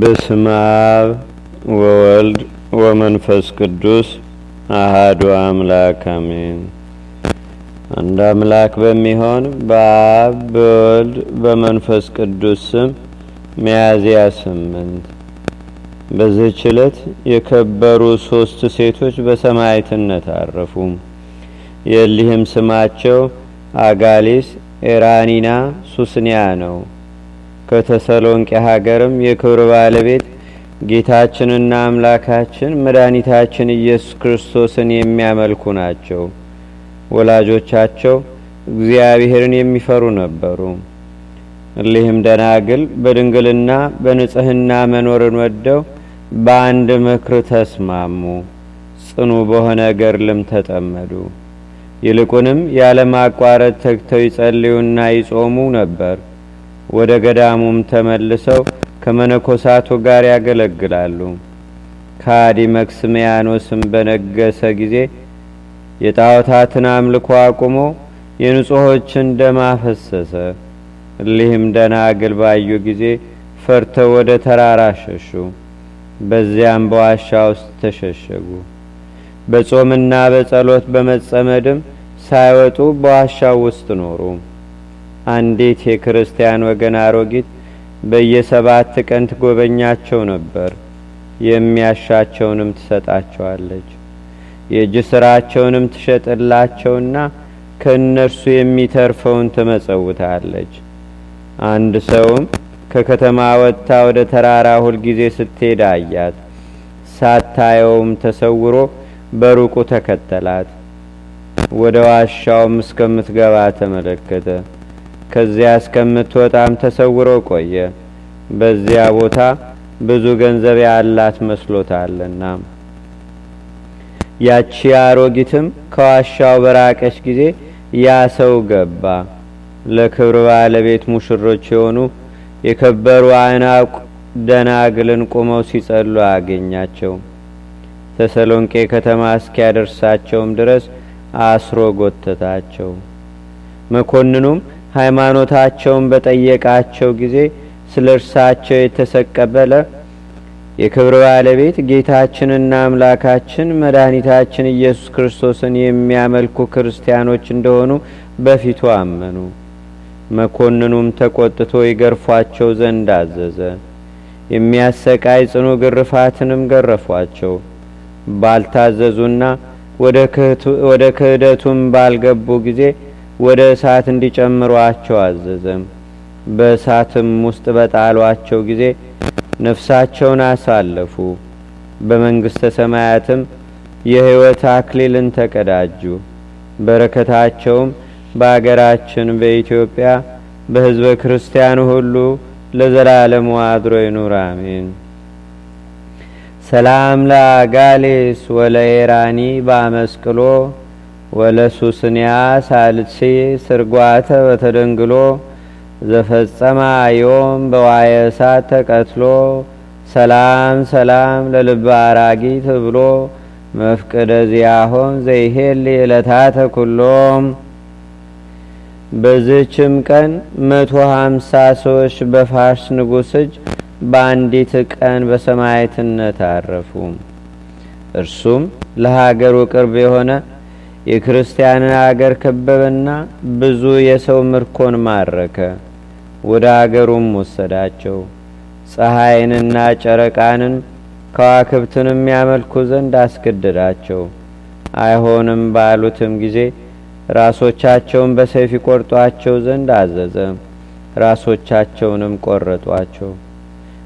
በስመ አብ ወወልድ ወመንፈስ ቅዱስ አህዱ አምላክ አሜን። አንድ አምላክ በሚሆን በአብ በወልድ በመንፈስ ቅዱስ ስም ሚያዝያ ስምንት በዚህች ዕለት የከበሩ ሶስት ሴቶች በሰማዕትነት አረፉ። የሊህም ስማቸው አጋሊስ፣ ኤራኒና ሱስንያ ነው። ከተሰሎንቄ ሀገርም የክብር ባለቤት ጌታችንና አምላካችን መድኃኒታችን ኢየሱስ ክርስቶስን የሚያመልኩ ናቸው። ወላጆቻቸው እግዚአብሔርን የሚፈሩ ነበሩ። እሊህም ደናግል በድንግልና በንጽህና መኖርን ወደው በአንድ ምክር ተስማሙ። ጽኑ በሆነ ገርልም ተጠመዱ። ይልቁንም ያለማቋረጥ ተግተው ይጸልዩና ይጾሙ ነበር። ወደ ገዳሙም ተመልሰው ከመነኮሳቱ ጋር ያገለግላሉ። ካዲ መክስሚያኖስም በነገሰ ጊዜ የጣዖታትን አምልኮ አቁሞ የንጹሖችን ደም አፈሰሰ። ደና ደናግል ባዩ ጊዜ ፈርተው ወደ ተራራ ሸሹ። በዚያም በዋሻ ውስጥ ተሸሸጉ። በጾምና በጸሎት በመጸመድም ሳይወጡ በዋሻው ውስጥ ኖሩ። አንዲት የክርስቲያን ወገን አሮጊት በየሰባት ቀን ትጎበኛቸው ነበር። የሚያሻቸውንም ትሰጣቸዋለች። የእጅ ስራቸውንም ትሸጥላቸውና ከእነርሱ የሚተርፈውን ትመጸውታለች። አንድ ሰውም ከከተማ ወጥታ ወደ ተራራ ሁልጊዜ ስትሄድ አያት። ሳታየውም ተሰውሮ በሩቁ ተከተላት። ወደ ዋሻውም እስከምትገባ ተመለከተ። ከዚያ እስከምትወጣም ተሰውሮ ቆየ። በዚያ ቦታ ብዙ ገንዘብ ያላት መስሎታልና። ያቺ አሮጊትም ከዋሻው በራቀች ጊዜ ያ ሰው ገባ። ለክብር ባለቤት ሙሽሮች የሆኑ የከበሩ አናቁ ደናግልን ቆመው ሲጸሉ አገኛቸው። ተሰሎንቄ ከተማ እስኪያደርሳቸውም ድረስ አስሮ ጎተታቸው። መኮንኑም ሃይማኖታቸውን በጠየቃቸው ጊዜ ስለ እርሳቸው የተሰቀበለ የክብር ባለቤት ጌታችንና አምላካችን መድኃኒታችን ኢየሱስ ክርስቶስን የሚያመልኩ ክርስቲያኖች እንደሆኑ በፊቱ አመኑ። መኮንኑም ተቆጥቶ ይገርፏቸው ዘንድ አዘዘ። የሚያሰቃይ ጽኑ ግርፋትንም ገረፏቸው። ባልታዘዙና ወደ ክህደቱም ባልገቡ ጊዜ ወደ እሳት እንዲጨምሯቸው አዘዘም። በእሳትም ውስጥ በጣሏቸው ጊዜ ነፍሳቸውን አሳለፉ። በመንግሥተ ሰማያትም የሕይወት አክሊልን ተቀዳጁ። በረከታቸውም በአገራችን በኢትዮጵያ በሕዝበ ክርስቲያኑ ሁሉ ለዘላለሙ አድሮ ይኑር፣ አሜን። ሰላም ለአጋሌስ ወለኤራኒ ባመስቅሎ ወለሱስንያ ሳልሲ ስርጓተ በተደንግሎ ዘፈጸማ ዮም በዋየ እሳት ተቀትሎ ሰላም ሰላም ለልብ አራጊ ትብሎ መፍቅደ ዚያሆም ዘይሄል ዕለታተ ኩሎም። በዝችም ቀን መቶ ሀምሳ ሰዎች በፋርስ ንጉሥ እጅ በአንዲት ቀን በሰማይትነት አረፉ። እርሱም ለሀገሩ ቅርብ የሆነ የክርስቲያንን አገር ከበበና ብዙ የሰው ምርኮን ማረከ። ወደ አገሩም ወሰዳቸው። ፀሐይንና ጨረቃንን ከዋክብትንም ያመልኩ ዘንድ አስገደዳቸው። አይሆንም ባሉትም ጊዜ ራሶቻቸውን በሰይፍ ይቆርጧቸው ዘንድ አዘዘ። ራሶቻቸውንም ቆረጧቸው።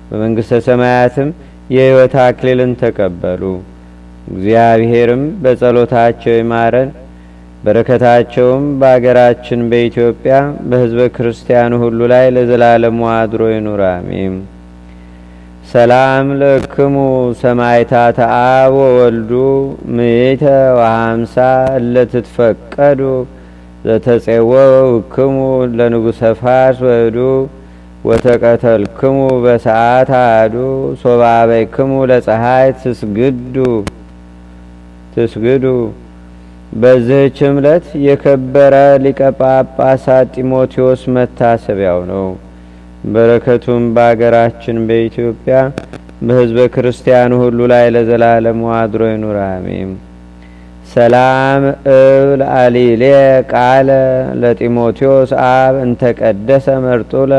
በመንግሥተ ሰማያትም የሕይወት አክሊልን ተቀበሉ። እግዚአብሔርም በጸሎታቸው ይማረን፣ በረከታቸውም በአገራችን በኢትዮጵያ በህዝበ ክርስቲያኑ ሁሉ ላይ ለዘላለሙ አድሮ ይኑር። አሜም ሰላም ለክሙ ሰማዕታተ አብ ወወልዱ ምእተ ወሃምሳ እለትትፈቀዱ ዘተጼወወ ውክሙ ለንጉሰ ፋርስ ወህዱ ወተቀተልክሙ በሰዓት አሐዱ ሶባበይክሙ ለፀሐይ ትስግዱ ትስግዱ። በዚህች ዕለት የከበረ ሊቀ ጳጳሳት ጢሞቴዎስ መታሰቢያው ነው። በረከቱም በአገራችን በኢትዮጵያ በህዝበ ክርስቲያኑ ሁሉ ላይ ለዘላለሙ አድሮ ይኑር፣ አሜን። ሰላም እብል አሊሌ ቃለ ለጢሞቴዎስ አብ እንተቀደሰ መርጡለ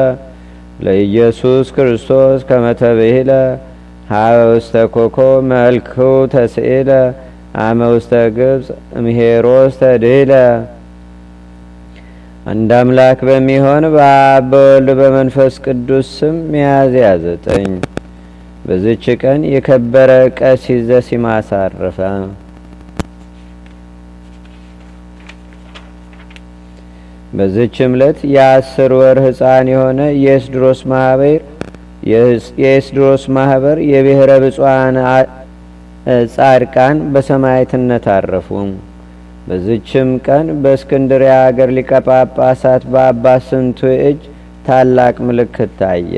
ለኢየሱስ ክርስቶስ ከመተብሂለ ሀበ ውስተ ኮኮብ መልክው ተስኢለ አመ ውስተ ግብፅ እምሄሮስ ተድለ አንድ አምላክ በሚሆን በአብ በወልድ በመንፈስ ቅዱስ ስም ሚያዝያ ዘጠኝ በዝች ቀን የከበረ ቀሲስ ዘሲማስ አረፈ። በዝች ዕለት የአስር ወር ህፃን የሆነ የኤስድሮስ ማህበር የኤስድሮስ ማህበር የብሔረ ብፁዓን ጻድቃን በሰማይትነት አረፉ። በዝችም ቀን በእስክንድሪያ አገር ሊቀ ጳጳሳት በአባ ስንቱ እጅ ታላቅ ምልክት ታየ።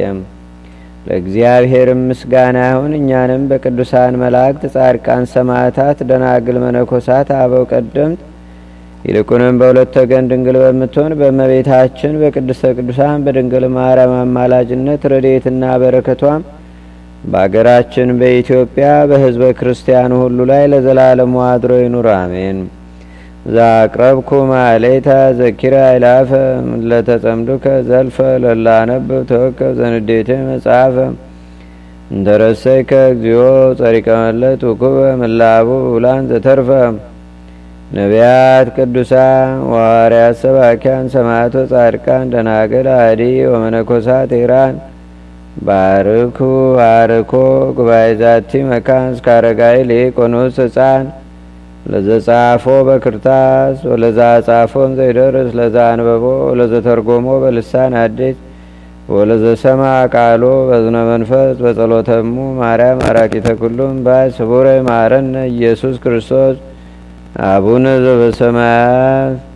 ለእግዚአብሔር ምስጋና ይሁን። እኛንም በቅዱሳን መላእክት፣ ጻድቃን፣ ሰማዕታት፣ ደናግል፣ መነኮሳት፣ አበው ቀደምት ይልቁንም በሁለት ወገን ድንግል በምትሆን በመቤታችን በቅድስተ ቅዱሳን በድንግል ማርያም አማላጅነት ረዴትና በረከቷም በአገራችን በኢትዮጵያ በሕዝበ ክርስቲያኑ ሁሉ ላይ ለዘላለሙ አድሮ ይኑር። አሜን። ዛቅረብኩ ማሌታ ዘኪራ ይላፈ ለተጸምዱከ ዘልፈ ለላነብ ተወከ ዘንዴቴ መጽሐፈ እንተረሰይከ እግዚኦ ጸሪቀ መለት ውኩበ ምላቡ ውላን ዘተርፈ ነቢያት ቅዱሳን ዋርያት ሰባኪያን ሰማዕቶ ጻድቃን ደናገል አዲ ወመነኮሳት ኢራን ባርኩ አርኮ ጉባኤ ዛቲ መካን እስካረጋይ ሊቆኖስ ህፃን ለዘጻፎ በክርታስ ወለዛ ጻፎን ዘይደርስ ለዛ አንበቦ ወለዘተርጎሞ በልሳን አዴት ወለዘሰማ ቃሎ በዝነ መንፈስ በጸሎተሙ ማርያም አራቂተ ኩሉም ባይ ስቡረ ማረነ ኢየሱስ ክርስቶስ አቡነ ዘበሰማያት